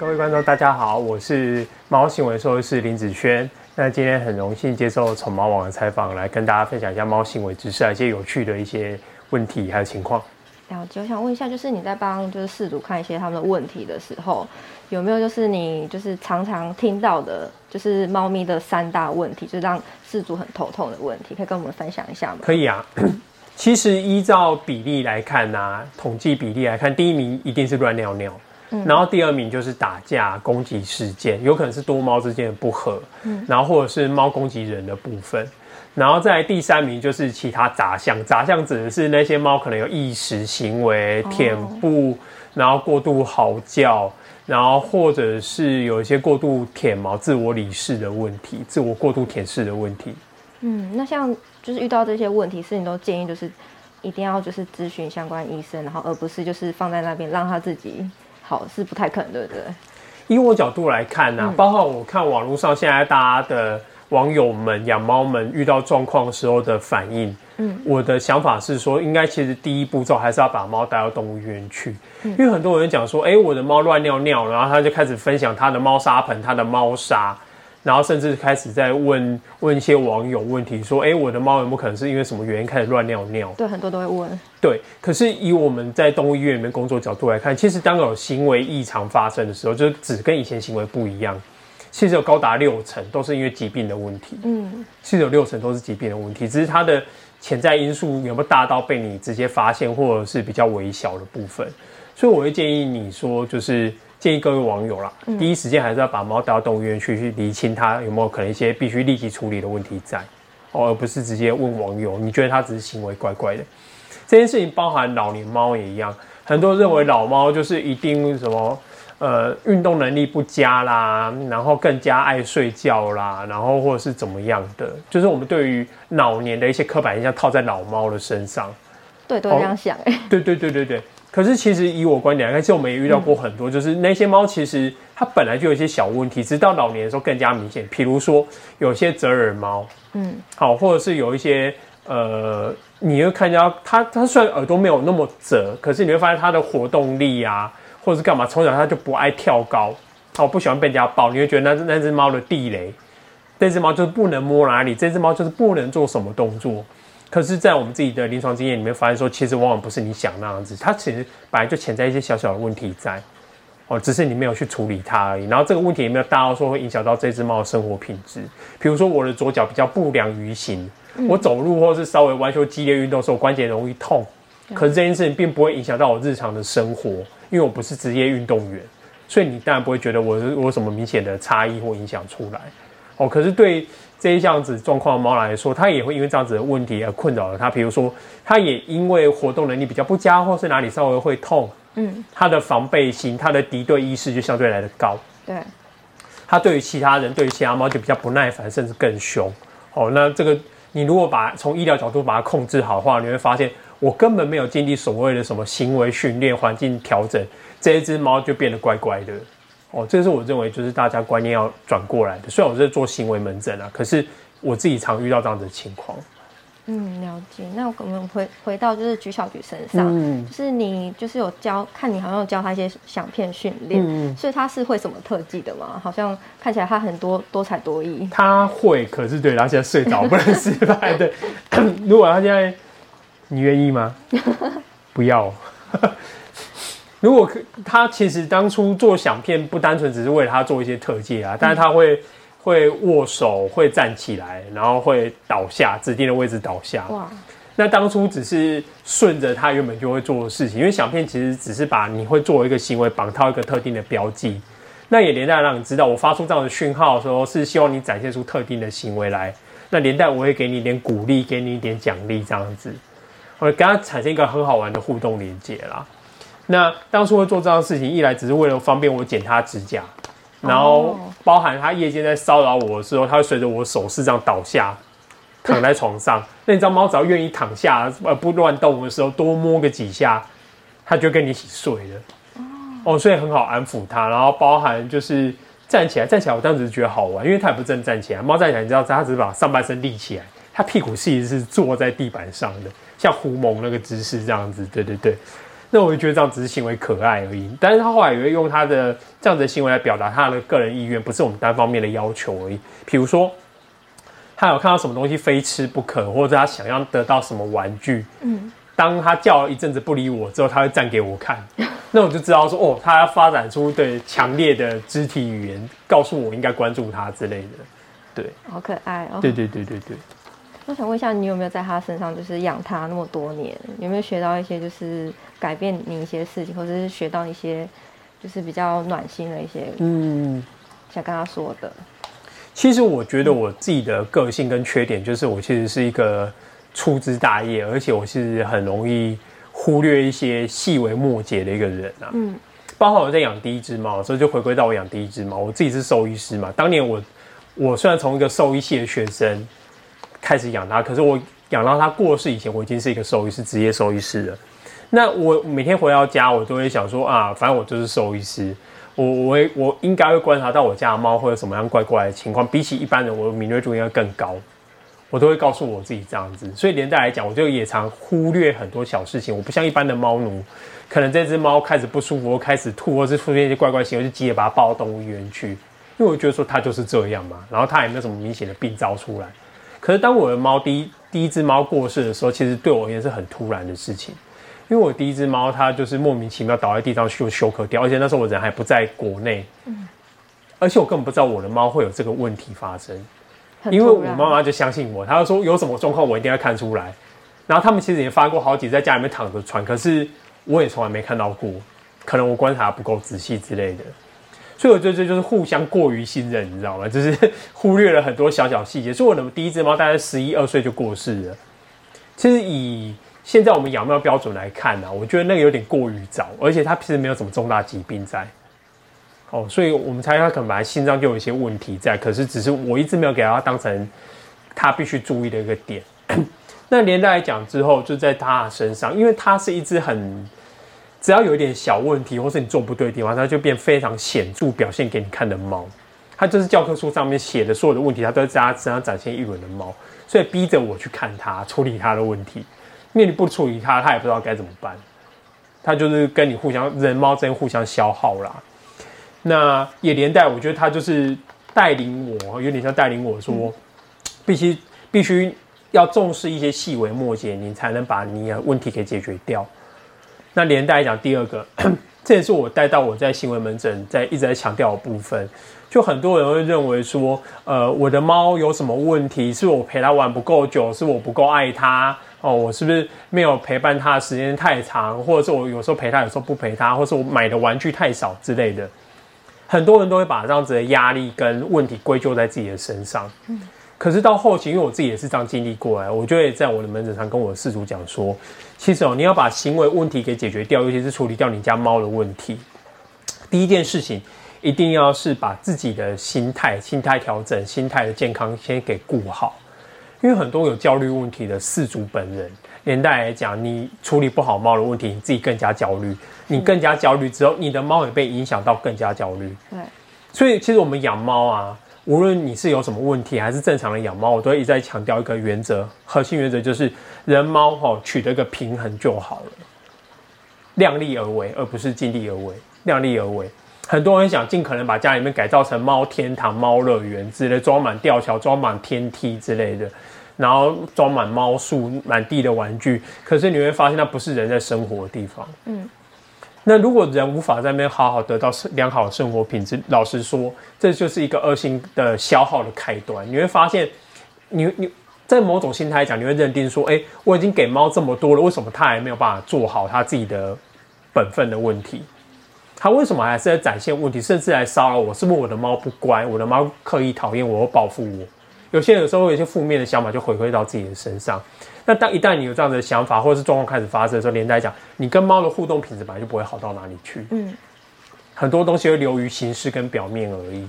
各位觀眾，大家好，我是貓行為獸醫師林子軒。那今天很榮幸接受寵毛網的採訪，來跟大家分享一下貓行為知識，一些有趣的一些問題，還有情況。了解，我想問一下，就是你在幫就是飼主看一些他們的問題的時候，有沒有就是你就是常常聽到的，就是貓咪的三大問題，就是、讓飼主很頭痛的問題，可以跟我們分享一下嗎？可以啊。其實依照比例來看呢、啊，統計比例來看，第一名一定是亂尿尿。然後第二名就是打架、攻擊事件，有可能是多貓之間的不合，嗯，然後或者是貓攻擊人的部分。然後再來第三名就是其他雜項，雜項指的是那些貓可能有異食行為、舔布，然後過度嚎叫，然後或者是有一些過度舔毛、自我理飾的問題，自我過度舔舐的問題。嗯，那像就是遇到這些問題，是你都建議就是一定要就是諮詢相關醫生，然後而不是就是放在那邊讓它自己。好是不太可能，對不對？以我角度來看呢、啊嗯，包括我看網絡上現在大家的網友們養貓們遇到狀況的時候的反應，嗯，我的想法是說，應該其實第一步驟還是要把貓帶到動物醫院去，嗯、因為很多人講說，哎、欸，我的貓亂尿尿，然後他就開始分享他的貓砂盆、他的貓砂。然後甚至開始在問問一些網友問題，說：“哎，我的貓有沒有可能是因為什麼原因開始亂尿尿？”對，很多都會問。對，可是以我們在動物醫院裡面工作角度來看，其實當有行為異常發生的時候，就只跟以前行為不一樣，其實有高達六成都是因為疾病的問題。嗯，其實有六成都是疾病的問題，只是它的潛在因素有沒有大到被你直接發現，或者是比較微小的部分。所以我會建議你說，就是。建議各位網友啦，嗯、第一時間還是要把貓帶到動物園去，去釐清它有沒有可能一些必須立即處理的問題在哦，而不是直接問網友，你覺得它只是行為怪怪的。這件事情包含老年貓也一樣，很多人認為老貓就是一定什麼呃運動能力不佳啦，然後更加愛睡覺啦，然後或者是怎麼樣的，就是我們對於老年的一些刻板印象套在老貓的身上，對，都這樣想，哎、哦，對對對對對。可是其實以我觀點來看，其實我們也遇到過很多，嗯、就是那些貓其實它本來就有一些小問題，直到老年的時候更加明顯。譬如說有些折耳貓，嗯，好，或者是有一些呃，你會看到它，它，它雖然耳朵沒有那麼折，可是你會發現它的活動力啊，或者是幹嘛，從小它就不愛跳高，好、哦、不喜歡被人家抱，你會覺得那那隻貓的地雷，這隻貓就是不能摸哪裡，這隻貓就是不能做什麼動作。可是，在我們自己的臨床經驗裡面發現，說其實往往不是你想那樣子，它其實本來就潛在一些小小的問題在，哦，只是你沒有去處理它而已。然後這個問題也沒有大到說會影響到這隻貓的生活品質。比如說我的左腳比較不良於行，我走路或是稍微玩球激烈運動的時候，關節容易痛。可是這件事情並不會影響到我日常的生活，因為我不是職業運動員，所以你當然不會覺得我我有什麼明顯的差異或影響出來。哦，可是對這樣子狀況的貓來說，它也會因為這樣子的問題而困擾它。比如說，它也因為活動能力比較不佳，或是哪裡稍微會痛，嗯，它的防備心、它的敵對意識就相對來的高。對，它對於其他人、對於其他貓就比較不耐煩，甚至更凶。哦，那這個你如果把從醫療角度把它控制好的話，你會發現我根本沒有經歷所謂的什麼行為訓練、環境調整，這一只貓就變得乖乖的。哦，這個是我認為就是大家觀念要轉過來的。雖然我在做行為門診啊，可是我自己常遇到這樣子的情況。嗯，了解。那我們回回到就是橘小橘身上，嗯，就是你就是有教，看你好像有教他一些響片訓練。嗯，所以他是會什麼特技的嗎？好像看起來他很多多才多藝。他會，可是對，他現在睡着 不能示範，對，如果他現在，你願意嗎？不要。 如果他其實當初做響片不單純只是為了他做一些特技啊，但是他會、嗯、會握手，會站起來，然後會倒下，指定的位置倒下。哇！那當初只是順着他原本就會做的事情，因為響片其實只是把你會做一個行為綁套一個特定的標記，那也連帶讓你知道我發出這樣的訊號的時候，是希望你展現出特定的行為來，那連帶我會給你一點鼓勵，給你一點獎勵這樣子，我跟他產生一個很好玩的互動連接啦。那當初會做這樣的事情，一來只是為了方便我剪它指甲，然後包含它夜間在騷擾我的時候，它會隨着我手勢這樣倒下，躺在床上。那你知道貓只要願意躺下，而不亂動的時候，多摸個幾下，它就跟你一起睡了。哦，所以很好安撫它。然後包含就是站起來，站起來，我當時覺得好玩，因為它也不真正站起來。貓站起來，你知道，它只是把上半身立起來，它屁股其實是坐在地板上的，像狐獴那個姿勢這樣子。對對對。那我就覺得這樣只是行為可愛而已，但是他後來也會用他的這樣子的行為來表達他的個人意願，不是我們單方面的要求而已。比如說，他有看到什麼東西非吃不可，或者他想要得到什麼玩具，當他叫了一陣子不理我之後，他會站給我看，那我就知道說，哦，他要發展出對強烈的肢體語言，告訴我應該關注他之類的，對，好可愛哦，對對對對對,對。我想問一下，你有沒有在他身上，就是養他那麼多年，有沒有學到一些，就是改變你一些事情，或者是學到一些，就是比較暖心的一些，嗯，想跟他說的。其實我覺得我自己的個性跟缺點，就是我其實是一個粗枝大葉，而且我其實很容易忽略一些細微末節的一個人啊。嗯，包括我在養第一隻貓的時候，就回歸到我養第一隻貓，我自己是獸醫師嘛，當年我我雖然從一個獸醫系的學生。開始養它，可是我養到它過世以前，我已經是一個獸醫師，職業獸醫師了。那我每天回到家，我都會想說啊，反正我就是獸醫師，我我也我應該會觀察到我家的貓會有什麼樣怪怪的情況。比起一般人，我的敏銳度應該更高。我都會告訴我自己這樣子，所以連帶來講，我就也常忽略很多小事情。我不像一般的貓奴，可能這只貓開始不舒服，或開始吐，或是出現一些怪怪的行為，就急着把它抱到動物園去，因為我覺得說它就是這樣嘛，然後它也沒有什麼明顯的病灶出來。可是當我的貓第一第一只貓過世的時候，其實對我而言是很突然的事情，因為我第一隻貓它就是莫名其妙倒在地上休休克掉，而且那時候我人還不在國內，嗯，而且我根本不知道我的貓會有這個問題發生，嗯、因為我媽媽就相信我，她就說有什麼狀況我一定要看出來，然後他們其實也發過好幾次在家裡面躺着喘，可是我也從來沒看到過，可能我觀察不夠仔細之類的。所以我覺得這就是互相過於信任，你知道嗎？就是忽略了很多小小細節。所以我的第一隻貓大概十一二歲就過世了。其實以現在我們養貓標準來看呢、啊，我覺得那個有點過於早，而且它其實沒有什麼重大疾病在。哦，所以我們猜它可能本來心臟就有一些問題在，可是只是我一直沒有給它當成它必須注意的一個點。那連帶來講之後，就在它身上，因為它是一隻很。只要有一點小問題，或是你做不對的地方，它就變非常顯著表現給你看的貓。它就是教科書上面寫的所有的問題，它都在它身上展現一輪的貓，所以逼着我去看它，處理它的問題。因為你不處理它，它也不知道該怎麼辦。它就是跟你互相，人貓之間互相消耗啦。那也連帶我覺得它就是帶領我，有點像帶領我說，嗯、必須必須要重視一些細微末節，你才能把你的問題給解決掉。那連帶講第二個，這也 是我帶到我在行為門診在一直在強調的部分。就很多人會認為說，呃，我的貓有什麼問題？是我陪它玩不夠久，是我不夠愛它？哦，我是不是沒有陪伴它的時間太長？或者是我有時候陪它，有時候不陪它？或者是我買的玩具太少之類的？很多人都會把這樣子的壓力跟問題歸咎在自己的身上。嗯可是到後期，因為我自己也是這樣經歷過來，我就會在我的門診上跟我的飼主講說，其實喔，你要把行為問題給解決掉，尤其是處理掉你家貓的問題。第一件事情，一定要是把自己的心態、心態調整、心態的健康先給顧好。因為很多有焦慮問題的飼主本人，連帶來講，你處理不好貓的問題，你自己更加焦慮，你更加焦慮之後，你的貓也被影響到更加焦慮。對、嗯，所以其實我們養貓啊。無論你是有什麼問題，還是正常的養貓，我都一再強調一個原則，核心原則就是人貓吼取得個平衡就好了，量力而為，而不是盡力而為。量力而為，很多人想盡可能把家裡面改造成貓天堂、貓樂園，只能裝滿吊橋、裝滿天梯之類的，然後裝滿貓樹、滿地的玩具。可是你會發現，那不是人在生活的地方。嗯。那如果人無法在那邊好好得到良好的生活品質，老實說，這就是一個惡性的消耗的開端。你會發現，你你在某種心態講，你會認定說，哎，我已經給貓這麼多了，為什麼它還沒有辦法做好它自己的本分的問題？它為什麼還是在展現問題，甚至來騷擾我？是不是我的貓不乖，我的貓刻意討厭我，報復我？有些人有時候會有一些負面的想法，就回歸到自己的身上。那當一旦你有這樣的想法，或者是狀況開始發生的時候，連帶講，你跟貓的互動品質本來就不會好到哪裡去。嗯，很多東西會流於形式跟表面而已。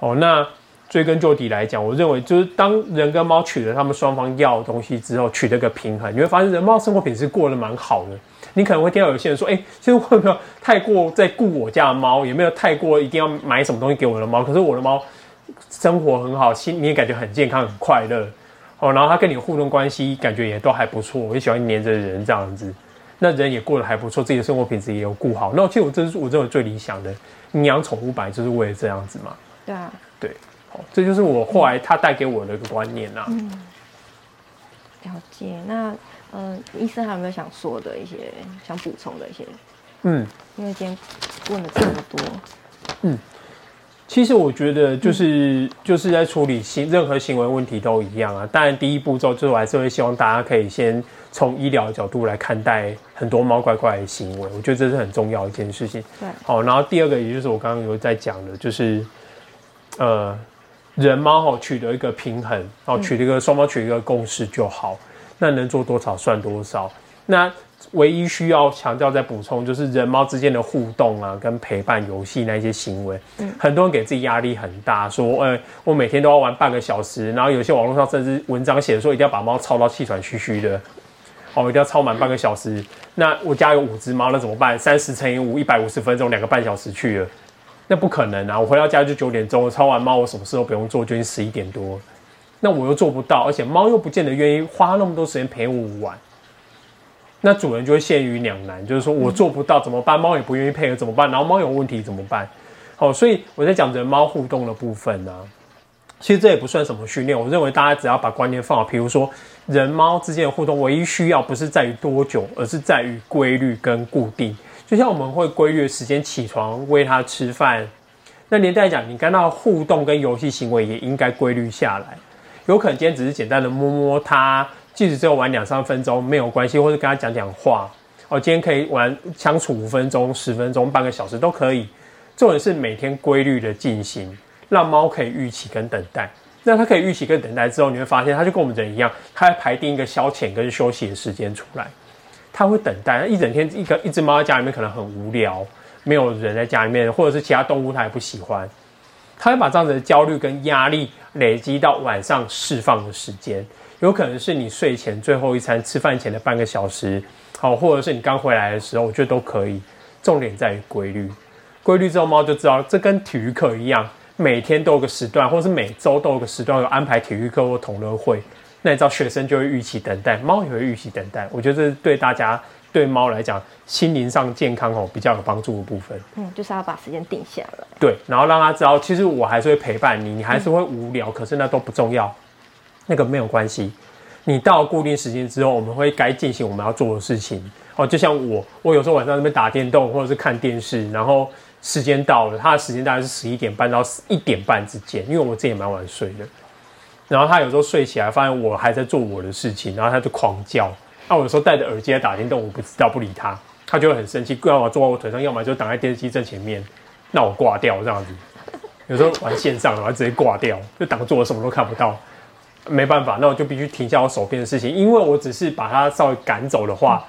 哦，那追根究底來講，我認為就是當人跟貓取得他們雙方要的東西之後，取得個平衡，你會發現人貓生活品質過得蠻好的。你可能會聽到有些人說：“哎、欸，其實我有沒有太過在顧我家的貓，也沒有太過一定要買什麼東西給我的貓。”可是我的貓。生活很好，心你也感覺很健康、很快樂，哦，然後他跟你互動關係感覺也都還不錯，我喜歡黏着人這樣子，那人也過得還不錯，自己的生活品質也有顧好。那其實我真是我認為最理想的，你養寵物本來就是為了這樣子嘛？對啊，對，好、哦，這就是我後來他帶給我的一個觀念吶、啊嗯。嗯，了解。那嗯、呃，醫生還有沒有想說的一些、想補充的一些？嗯，因為今天問了這麼多。嗯。嗯其實我覺得就是、嗯、就是在處理行任何行為問題都一樣啊。當然，第一步驟就是我還是會希望大家可以先從醫療角度來看待很多貓怪怪的行為，我覺得這是很重要一件事情。對，好，然後第二個也就是我剛剛有在講的，就是呃，人貓哈取得一個平衡，然後取得一個雙貓取得一個共識就好，嗯、那能做多少算多少。那唯一需要強調再補充，就是人貓之間的互動啊，跟陪伴遊戲那些行為。嗯，很多人給自己壓力很大，說，哎，我每天都要玩半個小時，然後有些網絡上甚至文章寫的說，一定要把貓操到氣喘吁吁的，哦，一定要操滿半個小時。那我家有五隻貓，那怎麼辦？三十乘以五，一百五十分鐘，兩個半小時去了，那不可能啊！我回到家就九點鐘，我操完貓，我什麼事都不用做，就十一點多，那我又做不到，而且貓又不見得願意花那麼多時間陪我玩。那主人就會陷於兩難，就是說我做不到怎麼辦？貓也不願意配合怎麼辦？然後貓有問題怎麼辦？好，所以我在講人貓互動的部分呢，其實這也不算什麼訓練。我認為大家只要把觀念放好，比如說人貓之間的互動，唯一需要不是在於多久，而是在於規律跟固定。就像我們會規律的時間起床餵它吃飯，那連帶講你跟他互動跟遊戲行為也應該規律下來。有可能今天只是簡單的摸摸它。即使只有玩兩三分鐘沒有關係，或者跟他講講話哦，今天可以玩相處五分鐘、十分鐘、半個小時都可以。重點是每天規律的進行，讓貓可以預期跟等待。那它可以預期跟等待之後，你會發現它就跟我們人一樣，它會排定一個消遣跟休息的時間出來。它會等待，一整天一個一只貓在家裡面可能很無聊，沒有人在家裡面，或者是其他動物它也不喜歡，它會把這樣子的焦慮跟壓力。累積到晚上釋放的時間，有可能是你睡前最後一餐吃飯前的半個小時，好，或者是你剛回來的時候，我覺得都可以。重點在於規律，規律之後貓就知道，這跟體育課一樣，每天都有個時段，或是每周都有個時段有安排體育課或同樂會，那你知道學生就會預期等待，貓也會預期等待。我覺得這對大家。對貓來講，心靈上健康哦比較有幫助的部分，嗯，就是要把時間定下來。對，然後讓它知道，其實我還是會陪伴你，你還是會無聊，嗯，可是那都不重要，那個沒有關係。你到固定時間之後，我們會該進行我們要做的事情哦。就像我，我有時候晚上在那邊打電動或者是看電視，然後時間到了，它的時間大概是十一點半到一點半之間，因為我自己也蠻晚睡的。然後它有時候睡起來，發現我還在做我的事情，然後它就狂叫。那、啊、我有時候戴着耳機在打電動，但我不知道不理他，他就會很生氣，要麼坐在我腿上，要麼就擋在電視機正前面，那我掛掉這樣子。有時候玩線上，然後直接掛掉，就擋住我什麼都看不到，沒辦法，那我就必須停下我手邊的事情，因為我只是把他稍微趕走的話，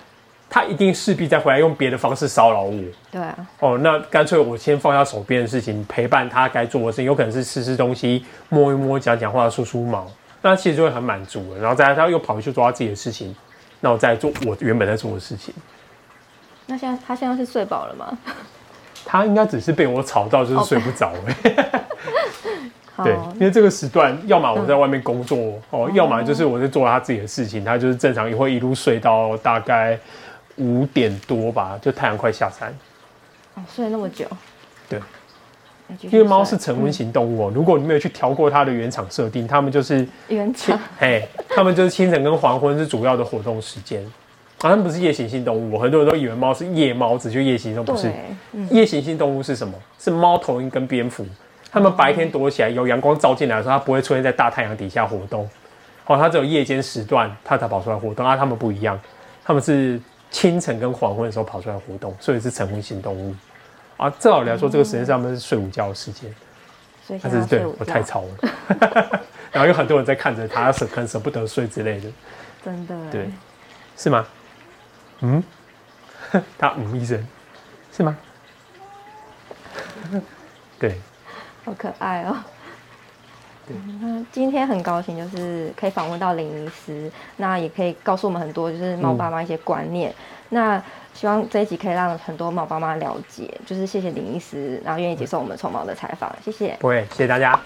他一定勢必再回來用別的方式騷擾我。對、啊。哦，那乾脆我先放下手邊的事情，陪伴他該做的事情，有可能是吃吃東西，摸一摸，講講話，梳梳毛，那他其實就會很滿足了。然後再來他又跑回去抓他自己的事情。那我在做我原本在做的事情。那現在他現在是睡飽了嗎？ 他應該只是被我吵到，就是睡不着 對，因為這個時段，要麼我在外面工作，嗯，哦，要麼就是我在做他自己的事情，嗯，他就是正常也會一路睡到大概五點多吧，就太陽快下山。哦，睡了那麼久。對。因為貓是晨昏型動物、喔，如果你沒有去調過它的原廠設定，它們就是原廠，哎，它們就是清晨跟黃昏是主要的活動時間，啊，它們不是夜行性動物、喔。很多人都以為貓是夜貓子，就夜行動物是。夜行性動物是什麼？是貓頭鷹跟蝙蝠，它們白天躲起來，有陽光照進來的時候，它不會出現在大太陽底下活動，哦，它只有夜間時段它才跑出來活動。啊，它們不一樣，它們是清晨跟黃昏的時候跑出來活動，所以是晨昏型動物。啊，正好來說，這個時間上面是睡午覺的時間，他、嗯、是對我太吵了， 然後有很多人在看着他，很捨，捨不得睡之類的。真的？對，是嗎？嗯， 他嗯一聲，是嗎？ 對，好可愛哦。對，今天很高興，就是可以訪問到林醫師，那也可以告訴我們很多，就是貓爸媽一些觀念，嗯。那希望這一集可以讓很多貓爸媽了解，就是謝謝林醫師，然後願意接受我們寵毛的採訪，謝謝。對，謝謝大家。